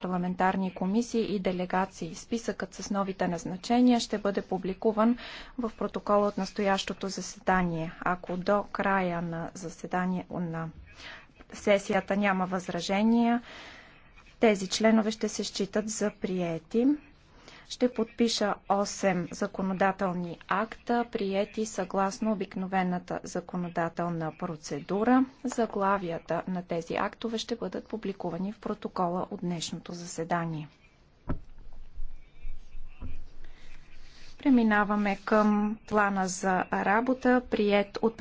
парламентарни комисии и делегации. Списъкът с новите назначения ще бъде публикуван в протокола от настоящото заседание. Ако до края на заседание на сесията няма възражения, тези членове ще се считат за приети ще подпиша 8 законодателни акта, приети съгласно обикновената законодателна процедура. Заглавията на тези актове ще бъдат публикувани в протокола от днешното заседание. Преминаваме към плана за работа, прият от